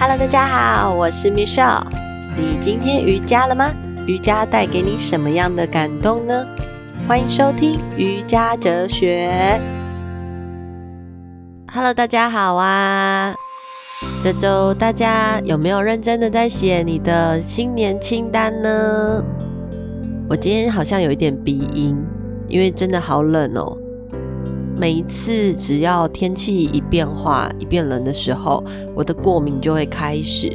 Hello，大家好，我是 Michelle。你今天瑜伽了嗎？瑜伽帶給你什麼樣的感動呢？歡迎收聽瑜伽折學。Hello，大家好啊！這週大家有沒有認真的在寫你的新年清單呢？我今天好像有一點鼻音，因為真的好冷哦。每一次只要天氣一變化、一變冷的時候，我的過敏就會開始。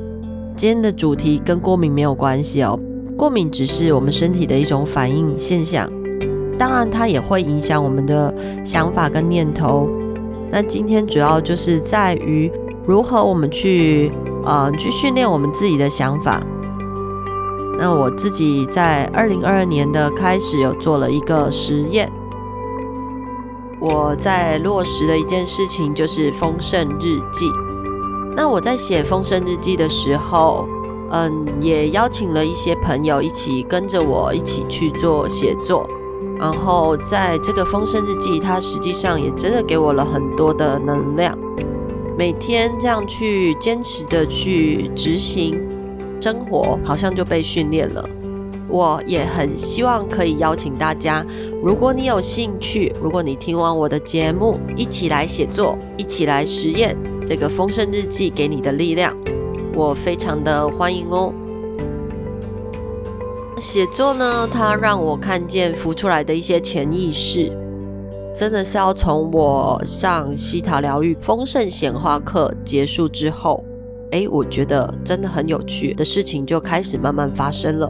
今天的主題跟過敏沒有關係哦，過敏只是我們身體的一種反應現象，當然它也會影響我們的想法跟念頭。那今天主要就是在於如何我們去嗯、呃、去訓練我們自己的想法。那我自己在二零二二年的開始有做了一個實驗。我在落實的一件事情就是《豐盛日記》。那我在寫《豐盛日記》的時候，嗯，也邀請了一些朋友一起跟着我一起去做寫作。然後在這個《豐盛日記》，它實際上也真的給我了很多的能量。每天這樣去堅持的去執行，生活好像就被訓練了。我也很希望可以邀請大家，如果你有興趣，如果你聽完我的節目，一起來寫作，一起來實驗這個豐盛日記給你的力量，我非常的歡迎哦。寫作呢，它讓我看見浮出來的一些潛意識，真的是要從我上希塔療癒豐盛顯化課結束之後，哎、欸，我覺得真的很有趣的事情就開始慢慢發生了。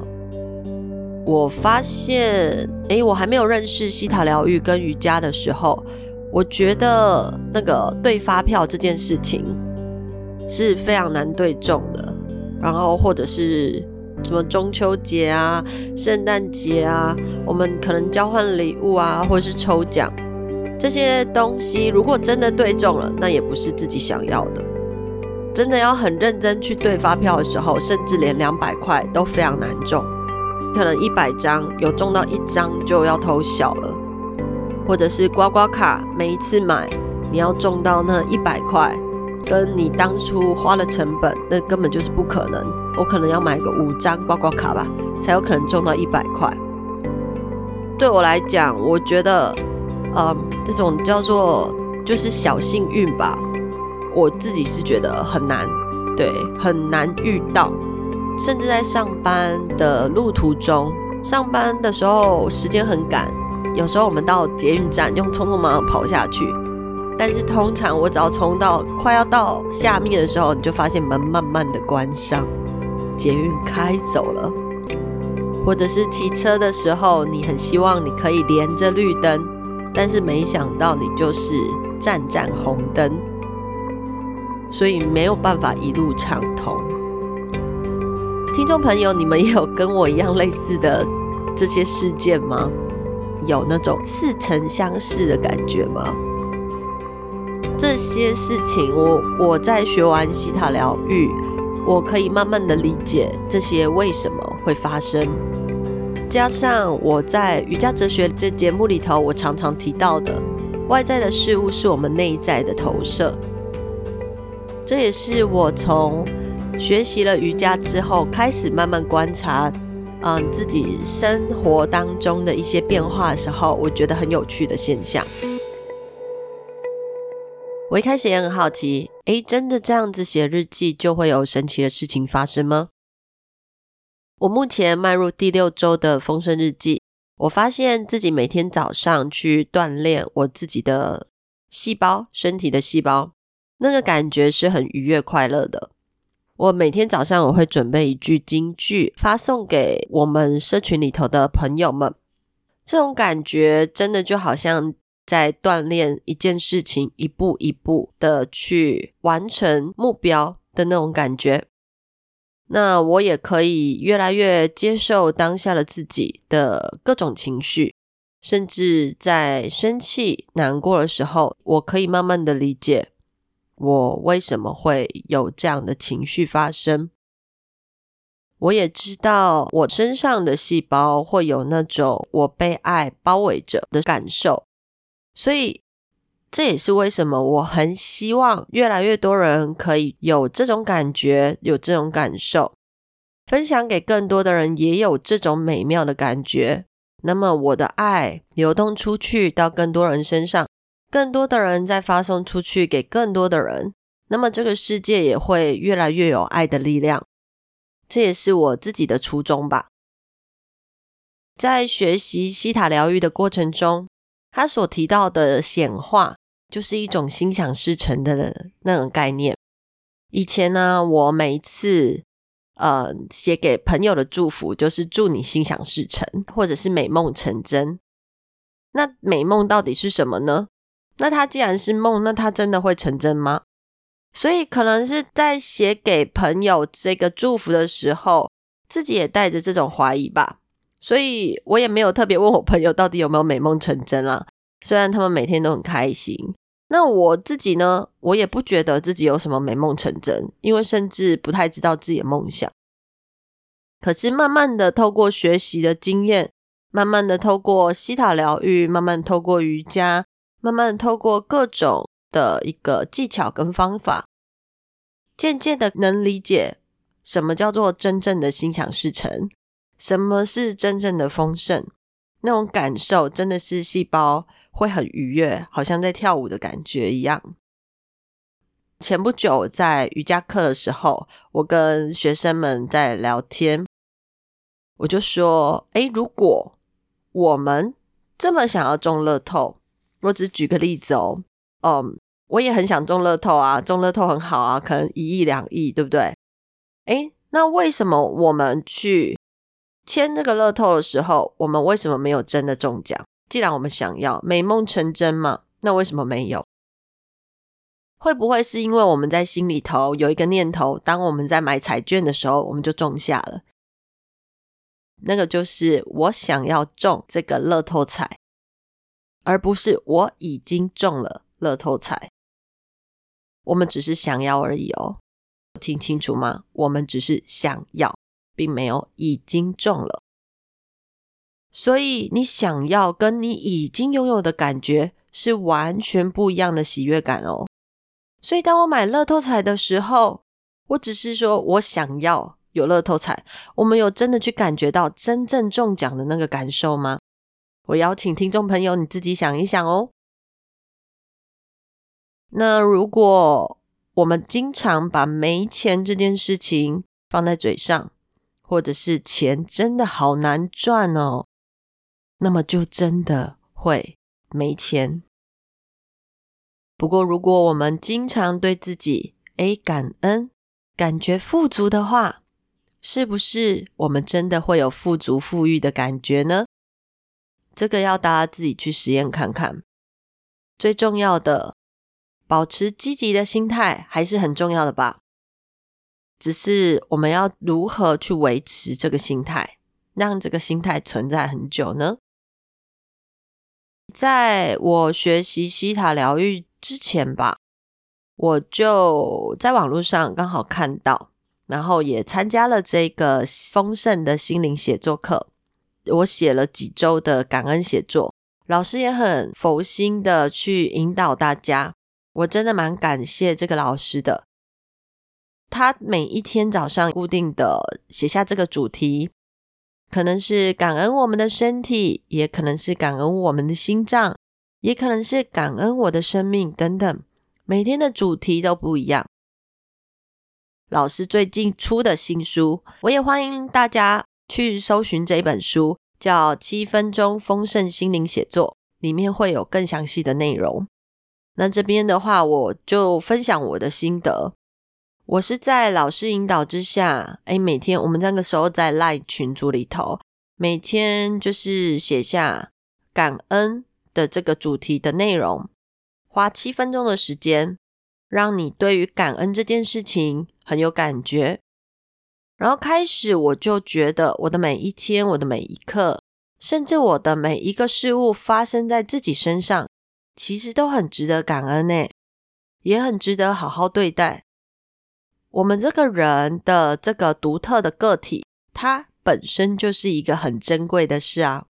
我發現，哎、欸，我還沒有認識希塔療癒跟瑜伽的時候，我覺得那個對發票這件事情是非常難對中的。然後，或者是什麼中秋節啊、聖誕節啊，我們可能交換禮物啊，或者是抽獎這些東西，如果真的對中了，那也不是自己想要的。真的要很認真去對發票的時候，甚至連兩百塊都非常難中。可能一百張有中到一張就要偷笑了，或者是刮刮卡，每一次買你要中到那一百塊，跟你當初花了成本，那根本就是不可能。我可能要買個五張刮刮卡吧，才有可能中到一百塊。對我來講，我覺得，嗯，這種叫做就是小幸運吧，我自己是覺得很難，對，很難遇到。甚至在上班的路途中，上班的時候時間很趕，有時候我們到捷運站用匆匆忙忙跑下去。但是通常我只要衝到快要到下面的時候，你就發現門慢慢的關上，捷運開走了。或者是騎車的時候，你很希望你可以連着綠燈，但是沒想到你就是站站紅燈，所以沒有辦法一路暢通。聽眾朋友，你們也有跟我一樣類似的這些事件嗎？有那種似曾相識的感覺嗎？這些事情，我我在學完希塔療癒，我可以慢慢的理解這些為什麼會發生。加上我在瑜珈折學這節目裡頭，我常常提到的，外在的事物是我們內在的投射。這也是我從，學習了瑜伽之後，開始慢慢觀察，嗯，自己生活當中的一些變化的時候，我覺得很有趣的現象。我一開始也很好奇，誒，真的這樣子寫日記就會有神奇的事情發生嗎？我目前邁入第六周的豐盛日記，我發現自己每天早上去鍛鍊我自己的細胞，身體的細胞，那個感覺是很愉悅快樂的。我每天早上我會準備一句金句，發送給我們社群裡頭的朋友們。這種感覺真的就好像在鍛鍊一件事情，一步一步的去完成目標的那種感覺。那我也可以越來越接受當下的自己的各種情緒，甚至在生氣、難過的時候，我可以慢慢的理解。我為什麼會有這樣的情緒發生？我也知道我身上的細胞會有那種我被愛包圍着的感受，所以這也是為什麼我很希望越來越多人可以有這種感覺，有這種感受，分享給更多的人也有這種美妙的感覺。那麼我的愛流動出去到更多人身上。更多的人再發送出去給更多的人，那麼這個世界也會越來越有愛的力量。這也是我自己的初衷吧。在學習希塔療癒的過程中，他所提到的顯化，就是一種心想事成的那個概念。以前呢、啊，我每一次呃寫給朋友的祝福，就是祝你心想事成，或者是美夢成真。那美夢到底是什麼呢？那他既然是夢，那他真的會成真嗎？所以可能是在寫給朋友這個祝福的時候，自己也帶着這種懷疑吧。所以我也沒有特別問我朋友到底有沒有美夢成真啦、啊、雖然他們每天都很開心，那我自己呢，我也不覺得自己有什麼美夢成真，因為甚至不太知道自己的夢想。可是慢慢的，透過學習的經驗，慢慢的透過希塔療癒，慢慢透過瑜伽。慢慢透過各種的一個技巧跟方法，漸漸的能理解什麼叫做真正的心想事成，什麼是真正的豐盛，那種感受真的是細胞會很愉悅，好像在跳舞的感覺一樣。前不久在瑜伽課的時候，我跟學生們在聊天，我就說：“哎、欸，如果我們這麼想要中樂透。”我只舉個例子哦，嗯，我也很想中樂透啊，中樂透很好啊，可能一億兩億，對不對？誒，那為什麼我們去簽這個樂透的時候，我們為什麼沒有真的中獎？既然我們想要美夢成真嘛，那為什麼沒有？會不會是因為我們在心裡頭有一個念頭，當我們在買彩券的時候，我們就種下了那個，就是我想要中這個樂透彩。而不是我已經中了樂透彩，我們只是想要而已哦，聽清楚嗎？我們只是想要，並沒有已經中了。所以你想要跟你已經擁有的感覺是完全不一樣的喜悅感哦。所以當我買樂透彩的時候，我只是說我想要有樂透彩。我們有真的去感覺到真正中獎的那個感受嗎？我邀請聽眾朋友，你自己想一想哦。那如果我們經常把沒錢這件事情放在嘴上，或者是錢真的好難賺哦，那麼就真的會沒錢。不過，如果我們經常對自己哎感恩，感覺富足的話，是不是我們真的會有富足富裕的感覺呢？這個要大家自己去實驗看看。最重要的，保持積極的心態還是很重要的吧。只是我們要如何去維持這個心態，讓這個心態存在很久呢？在我學習希塔療癒之前吧，我就在網絡上剛好看到，然後也參加了這個豐盛的心靈寫作課。我寫了幾周的感恩寫作，老師也很佛心的去引導大家。我真的蠻感謝這個老師的，他每一天早上固定的寫下這個主題，可能是感恩我們的身體，也可能是感恩我們的心臟，也可能是感恩我的生命等等，每天的主題都不一樣。老師最近出的新書，我也歡迎大家。去搜尋這一本書，叫《七分鐘豐盛心靈寫作》，裡面會有更詳細的內容。那這邊的話，我就分享我的心得。我是在老師引導之下，誒，每天我們那個時候在 Line 群組裡頭，每天就是寫下感恩的這個主題的內容，花七分鐘的時間，讓你對於感恩這件事情很有感覺。然後開始，我就覺得我的每一天、我的每一刻，甚至我的每一個事物發生在自己身上，其實都很值得感恩呢，也很值得好好對待。我們這個人的這個獨特的個體，它本身就是一個很珍貴的事啊。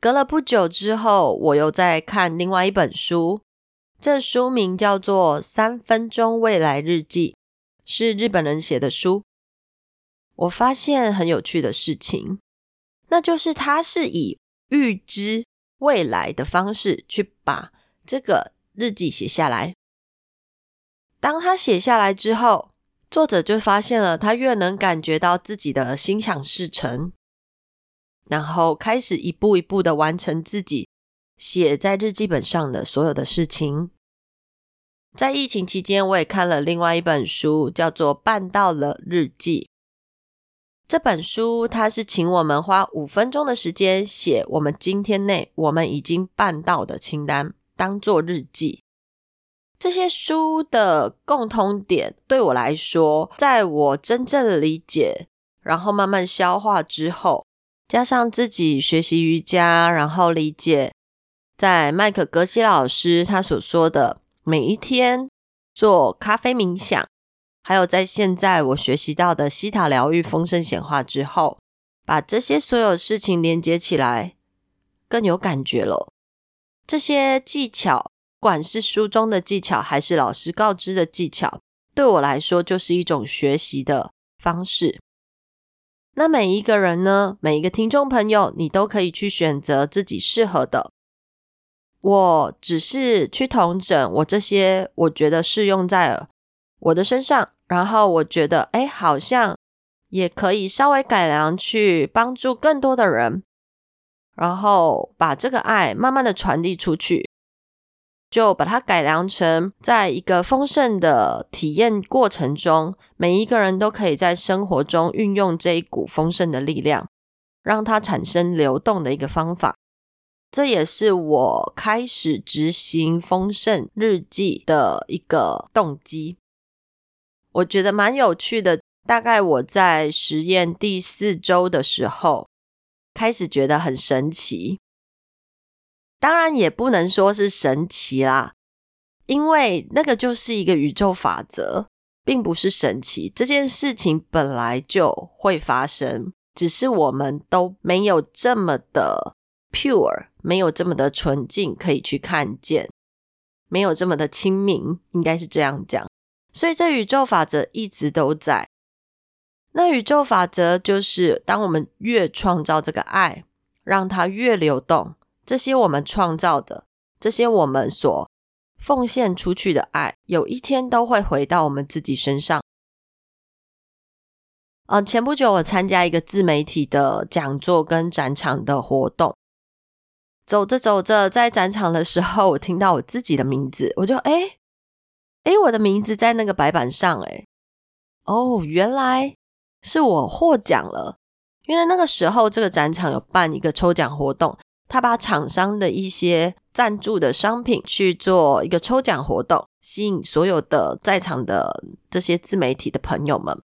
隔了不久之後，我又在看另外一本書，這個書名叫做《三分鐘未來日記》。是日本人寫的書，我發現很有趣的事情，那就是他是以預知未來的方式去把這個日記寫下來。當他寫下來之後，作者就發現了他越能感覺到自己的心想事成，然後開始一步一步的完成自己寫在日記本上的所有的事情。在疫情期間，我也看了另外一本書，叫做《辦到了日記》。這本書，它是請我們花五分鐘的時間寫我們今天內我們已經辦到的清單，當做日記。這些書的共通點，對我來說，在我真正的理解，然後慢慢消化之後，加上自己學習瑜伽，然後理解，在麥克格西老師他所說的。每一天做咖啡冥想，還有在現在我學習到的西塔療癒、豐盛顯化之後，把這些所有事情連接起來，更有感覺了。這些技巧，不管是書中的技巧，還是老師告知的技巧，對我來說就是一種學習的方式。那每一個人呢，每一個聽眾朋友，你都可以去選擇自己適合的。我只是去統整，我這些我覺得適用在我的身上，然後我覺得，哎，好像也可以稍微改良，去幫助更多的人，然後把這個愛慢慢的傳遞出去，就把它改良成，在一個豐盛的體驗過程中，每一個人都可以在生活中運用這一股豐盛的力量，讓它產生流動的一個方法。這也是我開始執行豐盛日記的一個動機，我覺得蠻有趣的。大概我在實驗第四周的時候，開始覺得很神奇。當然也不能說是神奇啦，因為那個就是一個宇宙法則，並不是神奇。這件事情本來就會發生，只是我們都沒有這麼的 pure。沒有這麼的純淨可以去看見，沒有這麼的清明，應該是這樣講。所以這宇宙法則一直都在。那宇宙法則就是，當我們越創造這個愛，讓它越流動，這些我們創造的，這些我們所奉獻出去的愛，有一天都會回到我們自己身上。啊、嗯，前不久我參加一個自媒體的講座跟展場的活動。走着走着，在展場的時候，我聽到我自己的名字，我就哎哎、欸欸，我的名字在那個白板上哎、欸，哦，原來是我獲獎了。原來那個時候，這個展場有辦一個抽獎活動，他把廠商的一些贊助的商品去做一個抽獎活動，吸引所有的在場的這些自媒體的朋友們。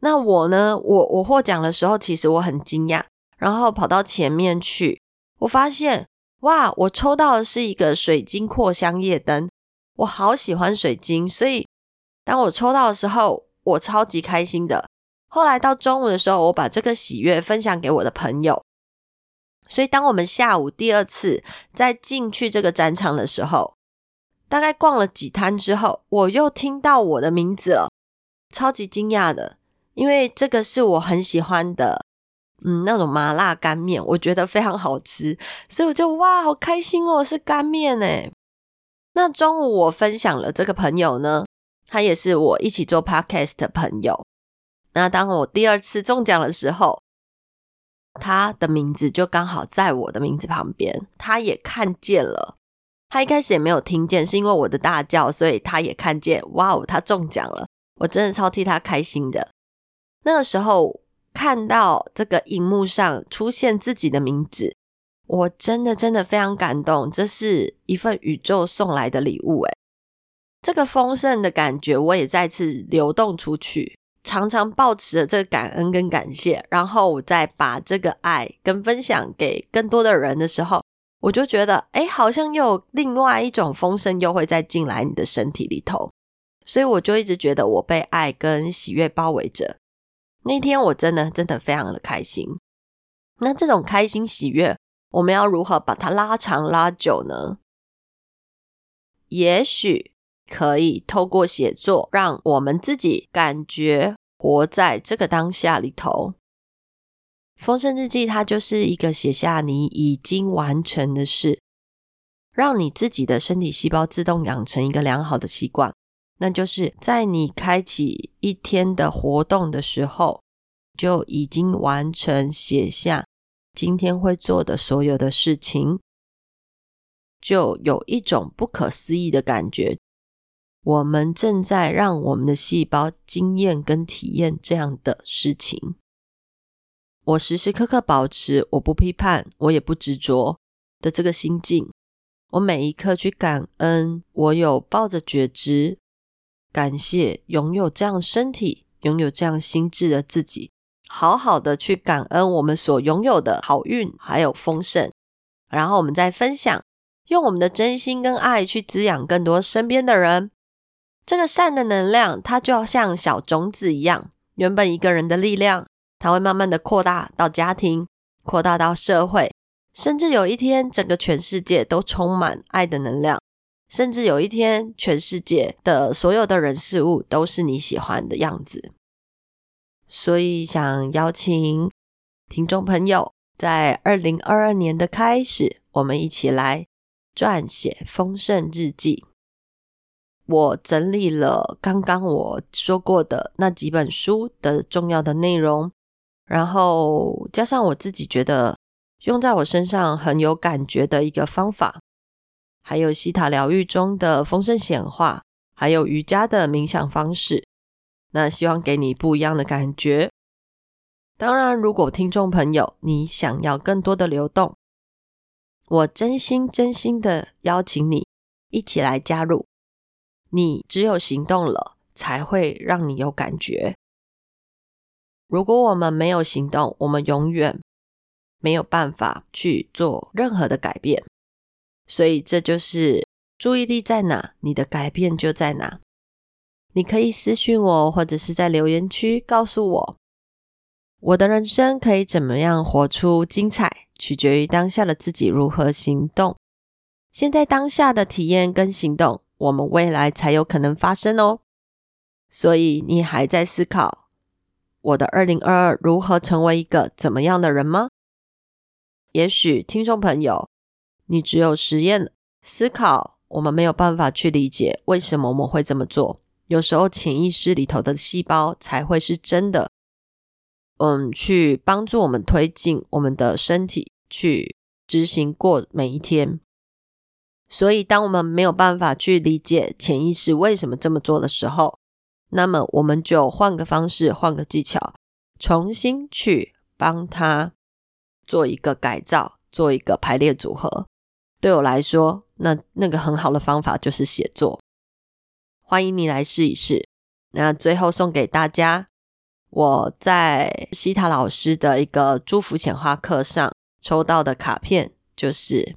那我呢，我我獲獎的時候，其實我很驚訝，然後跑到前面去。我發現哇，我抽到的是一個水晶擴香夜燈，我好喜歡水晶，所以當我抽到的時候，我超級開心的。後來到中午的時候，我把這個喜悅分享給我的朋友，所以當我們下午第二次再進去這個展場的時候，大概逛了幾攤之後，我又聽到我的名字了，超級驚訝的，因為這個是我很喜歡的。嗯，那種麻辣乾麵，我覺得非常好吃，所以我就哇，好開心哦，是乾麵誒。那中午我分享了這個朋友呢，他也是我一起做 podcast 的朋友。那當我第二次中獎的時候，他的名字就剛好在我的名字旁邊，他也看見了。他一開始也沒有聽見，是因為我的大叫，所以他也看見。哇哦，他中獎了，我真的超替他開心的。那個時候。看到這個熒幕上出現自己的名字，我真的真的非常感動，這是一份宇宙送來的禮物誒。這個豐盛的感覺我也再次流動出去，常常保持着這個感恩跟感謝，然後我再把這個愛跟分享給更多的人的時候，我就覺得，哎，好像又有另外一種豐盛又會再進來你的身體裡頭，所以我就一直覺得我被愛跟喜悅包圍着。那天我真的真的非常的開心。那這種開心喜悅，我們要如何把它拉長拉久呢？也許可以透過寫作，讓我們自己感覺活在這個當下裡頭。豐盛日記它就是一個寫下你已經完成的事，讓你自己的身體細胞自動養成一個良好的習慣。那就是在你開啟一天的活動的時候，就已經完成寫下今天會做的所有的事情，就有一種不可思議的感覺。我們正在讓我們的細胞經驗跟體驗這樣的事情。我時時刻刻保持我不批判，我也不執着的這個心境。我每一刻去感恩，我有抱着覺知。感謝擁有這樣身體、擁有這樣心智的自己，好好的去感恩我們所擁有的好運還有豐盛，然後我們再分享，用我們的真心跟愛去滋養更多身邊的人。這個善的能量，它就像小種子一樣，原本一個人的力量，它會慢慢的擴大到家庭，擴大到社會，甚至有一天，整個全世界都充滿愛的能量。甚至有一天，全世界的所有的人事物都是你喜歡的樣子。所以，想邀請聽眾朋友，在二零二二年的開始，我們一起來撰寫豐盛日記。我整理了剛剛我說過的那幾本書的重要的內容，然後加上我自己覺得用在我身上很有感覺的一個方法。還有希塔療癒中的豐盛顯化，還有瑜伽的冥想方式，那希望給你不一樣的感覺。當然，如果聽眾朋友你想要更多的流動，我真心真心的邀請你一起來加入。你只有行動了，才會讓你有感覺。如果我們沒有行動，我們永遠沒有辦法去做任何的改變。所以，這就是注意力在哪，你的改變就在哪。你可以私訊我，或者是在留言區告訴我，我的人生可以怎麼樣活出精彩，取決於當下的自己如何行動。現在當下的體驗跟行動，我們未來才有可能發生哦。所以，你還在思考我的二零二二如何成為一個怎麼樣的人嗎？也許聽眾朋友。你只有實驗思考，我們沒有辦法去理解為什麼我們會這麼做。有時候潛意識裡頭的細胞才會是真的，嗯，去幫助我們推進我們的身體去執行過每一天。所以，當我們沒有辦法去理解潛意識為什麼這麼做的時候，那麼我們就換個方式，換個技巧，重新去幫他做一個改造，做一個排列組合。對我來說，那那個很好的方法就是寫作。歡迎你來試一試。那最後送給大家，我在希塔老師的一個祝福顯化課上抽到的卡片，就是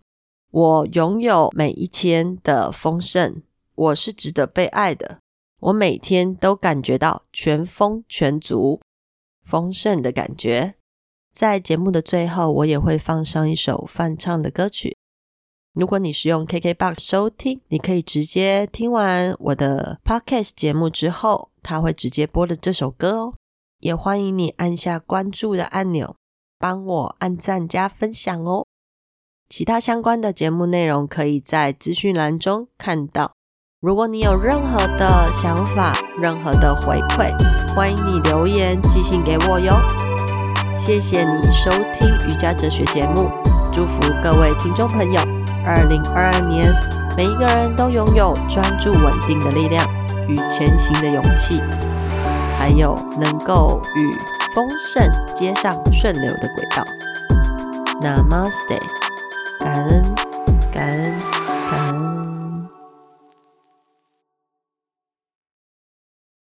我擁有每一天的豐盛，我是值得被愛的，我每天都感覺到全豐全足豐盛的感覺。在節目的最後，我也會放上一首翻唱的歌曲。如果你是用 KKBOX 收聽，你可以直接聽完我的 Podcast 節目之後，他會直接播的這首歌哦。也歡迎你按下關注的按鈕，幫我按讚加分享哦。其他相關的節目內容可以在資訊欄中看到。如果你有任何的想法、任何的回饋，歡迎你留言寄信給我喲。謝謝你收聽瑜珈折學節目，祝福各位聽眾朋友，二零二二年，每一個人都擁有專注、穩定的力量與前行的勇氣，還有能夠與豐盛接上順流的軌道。Namaste，感恩。